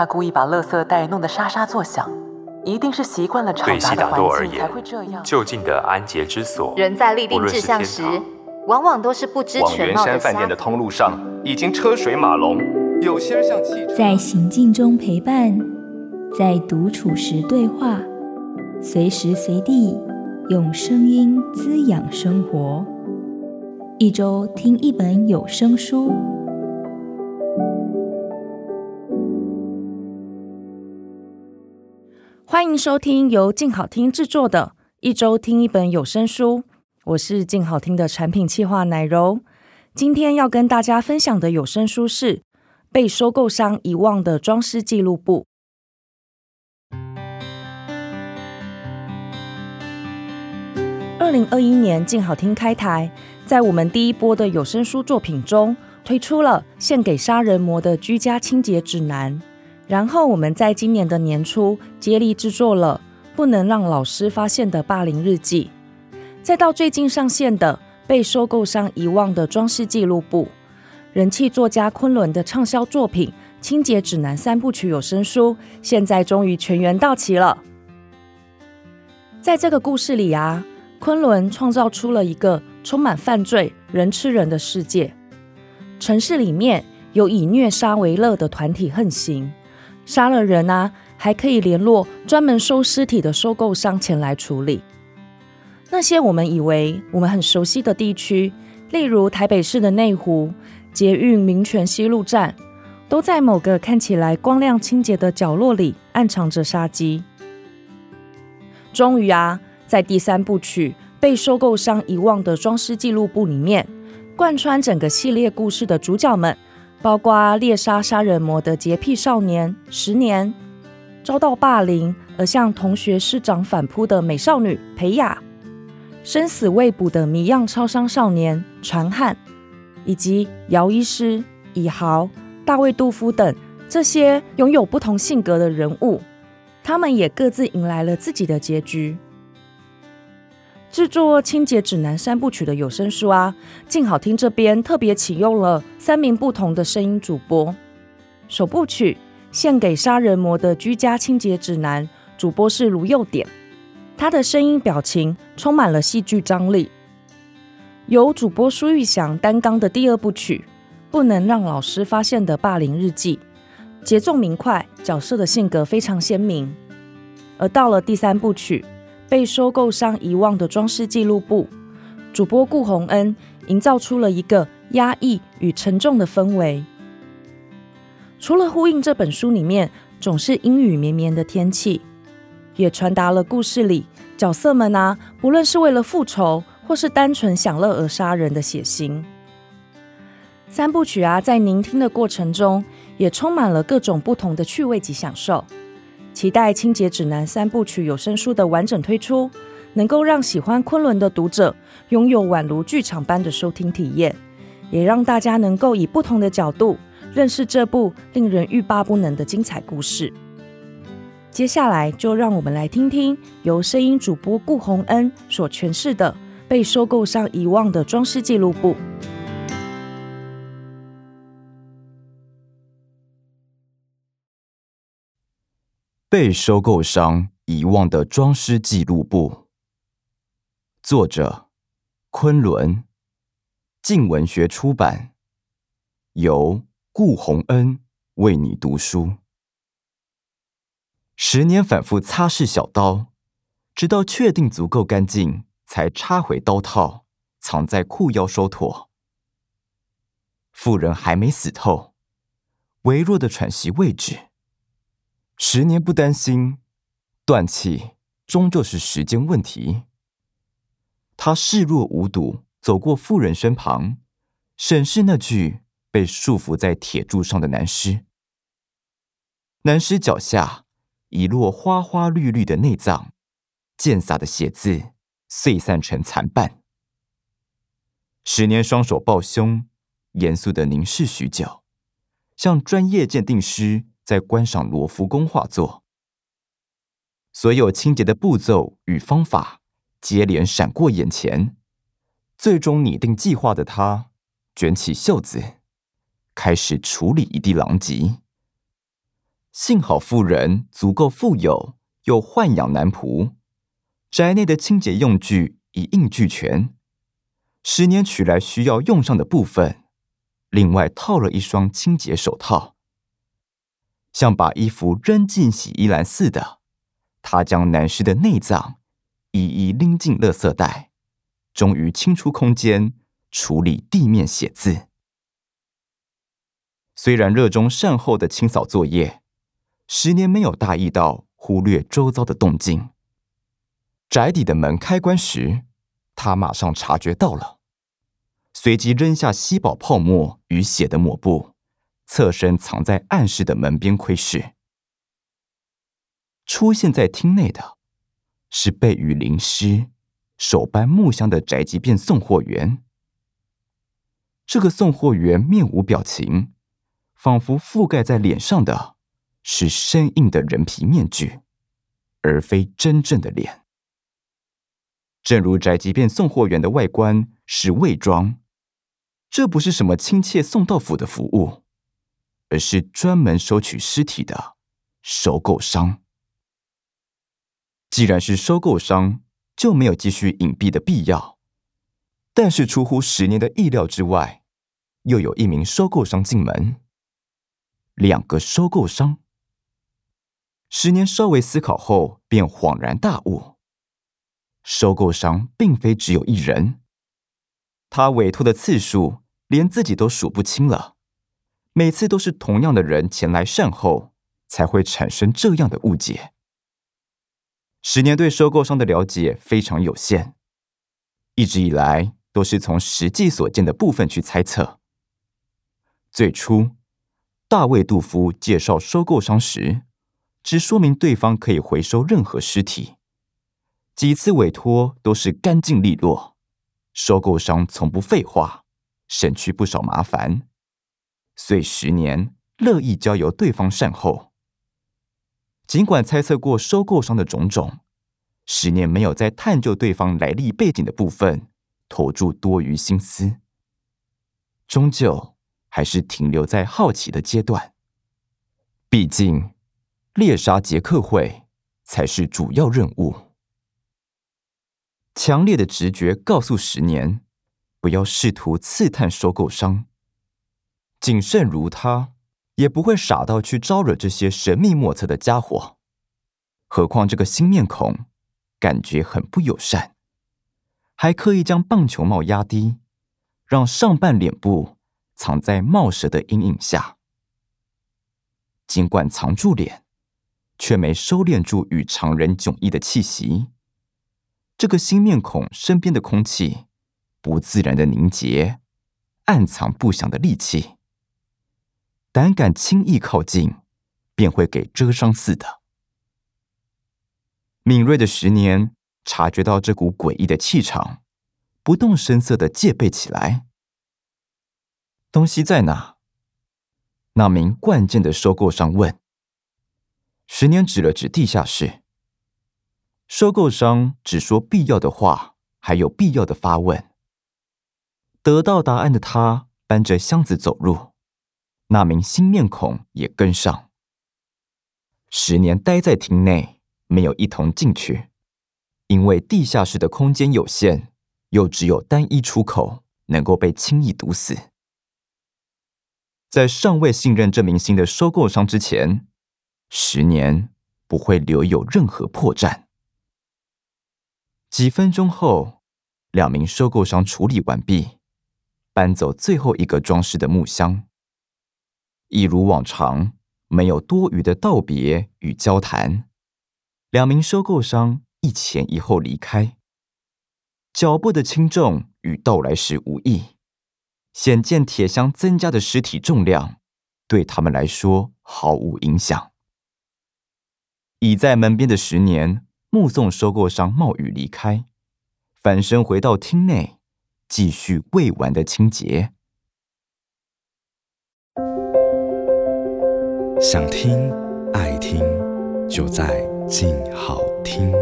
他故意把垃圾袋弄得沙沙作響，一定是習慣了嘈雜的環境，對西打鬥而言就近的安潔之所。人在立定志向時，往往都是不知全貌的、嗯、在行進中陪伴，在獨處時對話，隨時隨地用聲音滋養生活。一周聽一本有聲書。歡迎收聽由靜好聽製作的《一週聽一本有聲書》，我是靜好聽的產品企劃奶柔。今天要跟大家分享的有聲書是《被收購商遺忘的裝屍紀錄簿》。二零二一年，靜好聽開台，在我們第一波的有聲書作品中，推出了《獻給殺人魔的居家清潔指南》。然後我們在今年的年初接力制作了《不能讓老師發現的霸凌日記》，再到最近上線的《被收購商遺忘的裝屍記錄簿》，人氣作家昆侖的暢銷作品《清潔指南三部曲》有聲書，現在終於全員到齊了。在這個故事裡啊，昆侖創造出了一個充滿犯罪、人吃人的世界，城市裡面有以虐殺為樂的團體橫行。殺了人啊，還可以聯絡專門收屍體的收購商前來處理。那些我們以為我們很熟悉的地區，例如台北市的內湖捷運民權西路站，都在某個看起來光亮清潔的角落裡暗藏着殺機。終於啊，在第三部曲《被收購商遺忘的裝屍記錄簿》裡面，貫穿整個系列故事的主角們。包括獵殺殺人魔的潔癖少年，十年遭到霸凌而向同學師長反撲的美少女裴雅，生死未卜的謎樣超商少年傳漢，以及姚醫師、以豪、大衛杜夫等這些擁有不同性格的人物，他們也各自迎來了自己的結局。製作清潔指南三部曲的有聲書啊，鏡好聽這邊特別啟用了三名不同的聲音主播。首部曲獻給殺人魔的居家清潔指南，主播是盧佑典，他的聲音表情充滿了戲劇張力。由主播蘇玉祥擔綱的第二部曲《不能讓老師發現的霸凌日記》，節奏明快，角色的性格非常鮮明。而到了第三部曲，被收購商遺忘的裝屍紀錄簿，主播顧宏恩營造出了一個壓抑與沉重的氛圍。除了呼應這本書裡面總是陰雨綿綿的天氣，也傳達了故事裡角色們啊，不論是為了復仇或是單純享樂而殺人的血腥。三部曲啊，在聆聽的過程中也充滿了各種不同的趣味及享受。期待《清潔指南三部曲》有聲書的完整推出，能夠讓喜歡《昆崙》的讀者擁有宛如劇場般的收聽體驗，也讓大家能夠以不同的角度認識這部令人欲罷不能的精彩故事。接下來，就讓我們來聽聽由聲音主播顧洪恩所詮釋的《被收購商遺忘的裝屍紀錄簿》。被收購商遺忘的裝屍紀錄簿，作者：崑崙，靜文學出版，由顧宏恩為你讀書。十年反覆擦拭小刀，直到確定足夠乾淨，才插回刀套，藏在褲腰收妥。婦人還沒死透，微弱的喘息未止。十年不擔心，斷氣終究是時間問題。他視若無睹，走過婦人身旁，審視那具被束縛在鐵柱上的男屍。男屍腳下一落，花花綠綠的內臟，濺灑的血漬碎散成殘瓣。十年雙手抱胸，嚴肅的凝視許久，像專業鑑定師，在觀賞羅浮宮畫作，所有清潔的步驟與方法接連閃過眼前。最終擬定計劃的他，捲起袖子，開始處理一地狼藉。幸好婦人足夠富有，又豢養男僕，宅內的清潔用具一應俱全。十年取來需要用上的部分，另外套了一雙清潔手套。像把衣服扔進洗衣籃似的，他將男屍的內臟一一拎進垃圾袋，終於清出空間處理地面血漬。雖然熱衷善後的清掃作業，十年沒有大意到忽略周遭的動靜。宅邸的門開關時，他馬上察覺到了，隨即扔下吸飽泡沫與血的抹布。側身藏在暗室的門邊窺視，出現在廳內的，是被雨淋濕、手搬木箱的宅急便送貨員。這個送貨員面無表情，仿佛覆蓋在臉上的，是生硬的人皮面具，而非真正的臉。正如宅急便送貨員的外觀是偽裝，這不是什麼親切送到府的服務。而是專門收取屍體的收購商。既然是收購商，就沒有繼續隱蔽的必要。但是出乎十年的意料之外，又有一名收購商進門。兩個收購商。十年稍微思考後，便恍然大悟。收購商並非只有一人，他委托的次數連自己都數不清了。每次都是同樣的人前來善後，才會產生這樣的誤解。十年對收購商的了解非常有限，一直以來都是從實際所見的部分去猜測。最初，大衛杜夫介紹收購商時，只說明對方可以回收任何屍體。幾次委託都是乾淨利落，收購商從不廢話，省去不少麻煩。所以十年樂意交由對方善後，儘管猜測過收購商的種種，十年沒有在探究對方來歷背景的部分投注多餘心思，終究還是停留在好奇的階段。畢竟，獵殺傑克會才是主要任務。強烈的直覺告訴十年，不要試圖刺探收購商。謹慎如他，也不會傻到去招惹這些神秘莫測的家伙。何況這個新面孔，感覺很不友善，還刻意將棒球帽壓低，讓上半臉部藏在帽舌的陰影下。儘管藏住臉，卻沒收斂住與常人迥異的氣息。這個新面孔身邊的空氣，不自然的凝結，暗藏不祥的戾氣。膽敢輕易靠近，便會給蟄傷似的。敏銳的十年察覺到這股詭異的氣場，不動聲色的戒備起來。東西在哪？那名慣見的收購商問。十年指了指地下室。收購商只說必要的話，還有必要的發問。得到答案的他，搬着箱子走入。那名新面孔也跟上。十年待在廳內，沒有一同進去，因為地下室的空間有限，又只有單一出口能夠被輕易堵死。在尚未信任這名新的收購商之前，十年不會留有任何破綻。幾分鐘後，兩名收購商處理完畢，搬走最後一個裝屍的木箱。一如往常，沒有多餘的道別與交談，兩名收購商一前一後離開，腳步的輕重與到來時無異，顯見鐵箱增加的屍體重量對他們來說毫無影響。倚在門邊的十年目送收購商冒雨離開，返身回到廳內，繼續未完的清潔。想聽，愛聽，就在靜好聽。